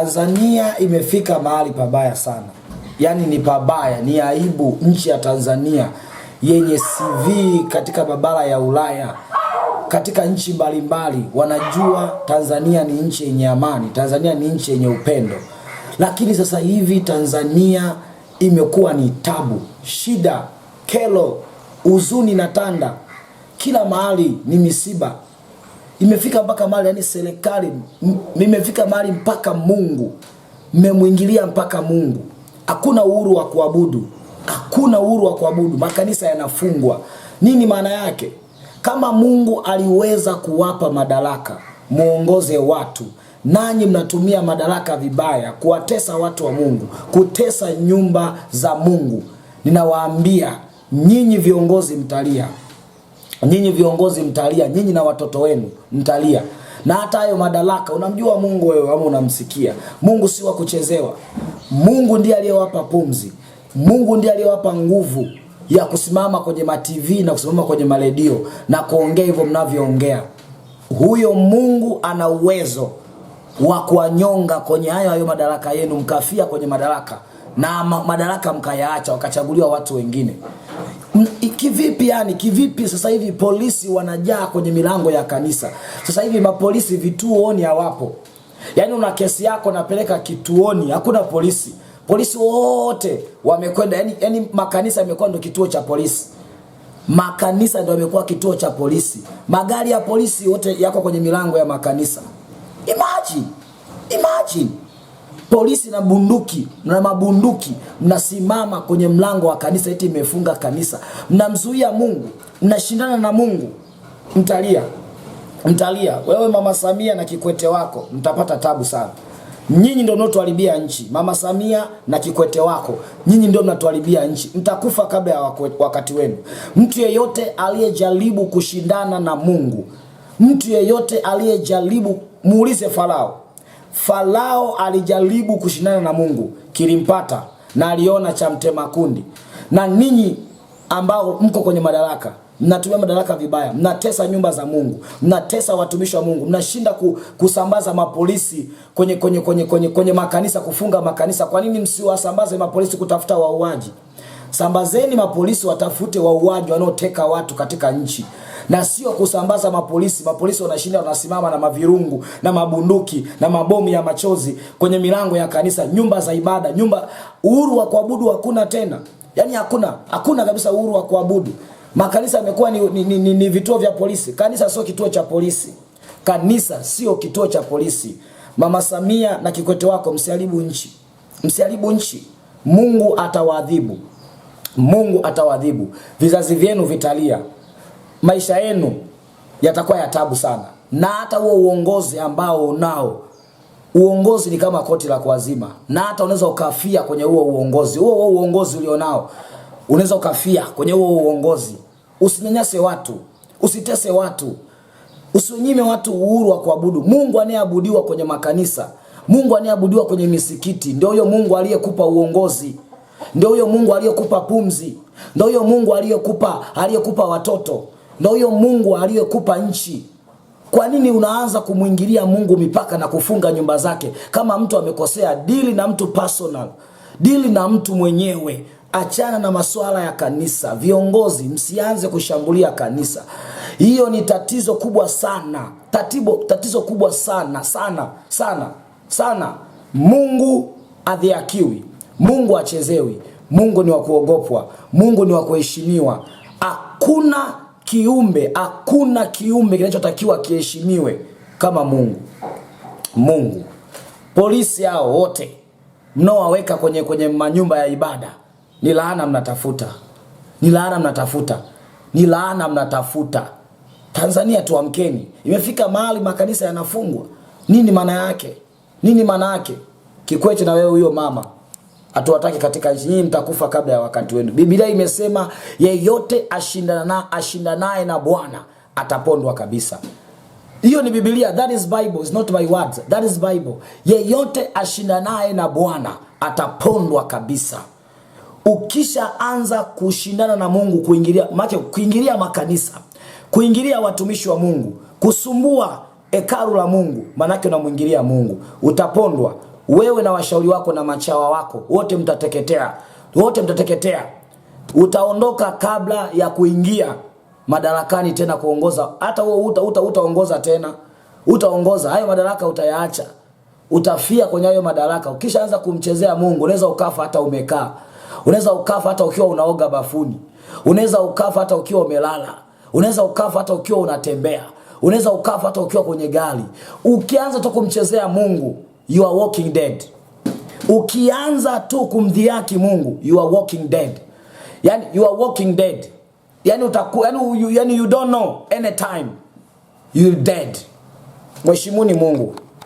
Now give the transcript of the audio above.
Tanzania imefika mahali pabaya sana, yaani ni pabaya, ni aibu nchi ya Tanzania yenye CV katika mabara ya Ulaya, katika nchi mbalimbali wanajua Tanzania ni nchi yenye amani, Tanzania ni nchi yenye upendo, lakini sasa hivi Tanzania imekuwa ni tabu, shida, kelo, huzuni na tanda, kila mahali ni misiba imefika mpaka mali, yani serikali imefika mali mpaka Mungu, mmemwingilia mpaka Mungu. Hakuna uhuru wa kuabudu, hakuna uhuru wa kuabudu, makanisa yanafungwa. Nini maana yake? Kama Mungu aliweza kuwapa madaraka muongoze watu, nanyi mnatumia madaraka vibaya kuwatesa watu wa Mungu, kutesa nyumba za Mungu. Ninawaambia nyinyi viongozi mtalia. Nyinyi viongozi mtalia, nyinyi na watoto wenu mtalia, na hata hayo madaraka. Unamjua Mungu wewe ama unamsikia Mungu? Si wa kuchezewa. Mungu ndiye aliyewapa pumzi, Mungu ndiye aliyewapa nguvu ya kusimama kwenye matv na kusimama kwenye maredio na kuongea hivyo mnavyoongea. Huyo Mungu ana uwezo wa kuwanyonga kwenye hayo hayo madaraka yenu, mkafia kwenye madaraka na madaraka mkayaacha, wakachaguliwa watu wengine. Kivipi yani, kivipi sasa hivi polisi wanajaa kwenye milango ya kanisa? Sasa hivi mapolisi vituoni hawapo. Yaani una kesi yako napeleka kituoni, hakuna polisi. Polisi wote wamekwenda, yani, yani makanisa yamekuwa ndo kituo cha polisi. Makanisa ndo yamekuwa kituo cha polisi. Magari ya polisi yote yako kwenye milango ya makanisa. Imagine, imagine polisi na bunduki na mabunduki, mnasimama kwenye mlango wa kanisa eti imefunga kanisa, mnamzuia Mungu, mnashindana na Mungu, mtalia mtalia. Wewe Mama Samia na Kikwete wako mtapata tabu sana. Nyinyi ndio mnaotuharibia nchi, Mama Samia na Kikwete wako, nyinyi ndio mnatuharibia nchi, mtakufa kabla ya wakati wenu. Mtu yeyote aliyejaribu kushindana na Mungu, mtu yeyote aliyejaribu, muulize Farao Farao alijaribu kushindana na Mungu, kilimpata na aliona cha mtema kundi. Na ninyi ambao mko kwenye madaraka mnatumia madaraka vibaya, mnatesa nyumba za Mungu, mnatesa watumishi wa Mungu, mnashinda ku, kusambaza mapolisi kwenye, kwenye, kwenye, kwenye, kwenye makanisa, kufunga makanisa. Kwa nini msiwasambaze mapolisi kutafuta wauaji? Sambazeni mapolisi watafute wauaji wanaoteka watu katika nchi, na sio kusambaza mapolisi. Mapolisi wanashinda wanasimama na mavirungu na mabunduki na mabomu ya machozi kwenye milango ya kanisa, nyumba za ibada, nyumba. Uhuru wa kuabudu hakuna tena, yani hakuna, hakuna kabisa uhuru wa kuabudu. Makanisa yamekuwa ni, ni, ni, ni, ni vituo vya polisi. Kanisa sio kituo cha polisi, kanisa sio kituo cha polisi. Mama Samia na Kikwete wako, msiharibu nchi, msiharibu nchi, Mungu atawaadhibu. Mungu atawadhibu, vizazi vyenu vitalia, maisha yenu yatakuwa ya tabu sana, na hata huo uongozi ambao unao uongozi ni kama koti la kuazima, na hata unaweza ukafia kwenye huo uongozi. Huo huo uongozi ulionao unaweza ukafia kwenye huo uongozi. Usinyanyase watu, usitese watu, usinyime watu uhuru wa kuabudu Mungu. Anayeabudiwa kwenye makanisa, Mungu anayeabudiwa kwenye misikiti, ndio huyo Mungu aliyekupa uongozi. Ndio huyo Mungu aliyekupa pumzi, ndio huyo Mungu aliyekupa aliyekupa watoto, ndio huyo Mungu aliyekupa nchi. Kwa nini unaanza kumwingilia Mungu mipaka na kufunga nyumba zake? Kama mtu amekosea, dili na mtu personal, dili na mtu mwenyewe. Achana na masuala ya kanisa. Viongozi, msianze kushambulia kanisa. Hiyo ni tatizo kubwa sana, tatibo, tatizo kubwa sana sana sana sana. Mungu adhiakiwi. Mungu achezewi, Mungu ni wa kuogopwa, Mungu ni wa kuheshimiwa. Hakuna kiumbe, hakuna kiumbe kinachotakiwa kiheshimiwe kama Mungu. Mungu, polisi hao wote mnaowaweka kwenye kwenye manyumba ya ibada ni laana mnatafuta, ni laana mnatafuta, ni laana mnatafuta. Tanzania tuamkeni, imefika mahali makanisa yanafungwa. Nini maana yake? Nini maana yake? Kikwete na wewe huyo mama hatuwataki katika nchi hii, mtakufa kabla ya wakati wenu. Biblia imesema yeyote ashindana ashindanaye na Bwana atapondwa kabisa. Hiyo ni Biblia, that is Bible, is not my words, that is Bible. Yeyote ashindanaye na Bwana atapondwa kabisa. Ukishaanza kushindana na Mungu, kuingilia maana kuingilia makanisa, kuingilia watumishi wa Mungu, kusumbua hekalu la Mungu, maanake unamwingilia Mungu, utapondwa wewe na washauri wako na machawa wako wote mtateketea, wote mtateketea. Utaondoka kabla ya kuingia madarakani tena kuongoza. Hata wewe uta, uta, utaongoza tena, utaongoza hayo madaraka utayaacha, utafia kwenye hayo madaraka. Ukishaanza kumchezea Mungu unaweza ukafa hata umekaa, unaweza ukafa hata ukiwa unaoga bafuni, unaweza ukafa hata ukiwa umelala, unaweza ukafa hata ukiwa unatembea, unaweza ukafa hata ukiwa kwenye gari. Ukianza tu kumchezea Mungu you are walking dead. Ukianza tu kumdhiaki Mungu you are walking dead, yani you are walking dead, yani utaku, yani you, yani you don't know any time dead. Mheshimuni Mungu.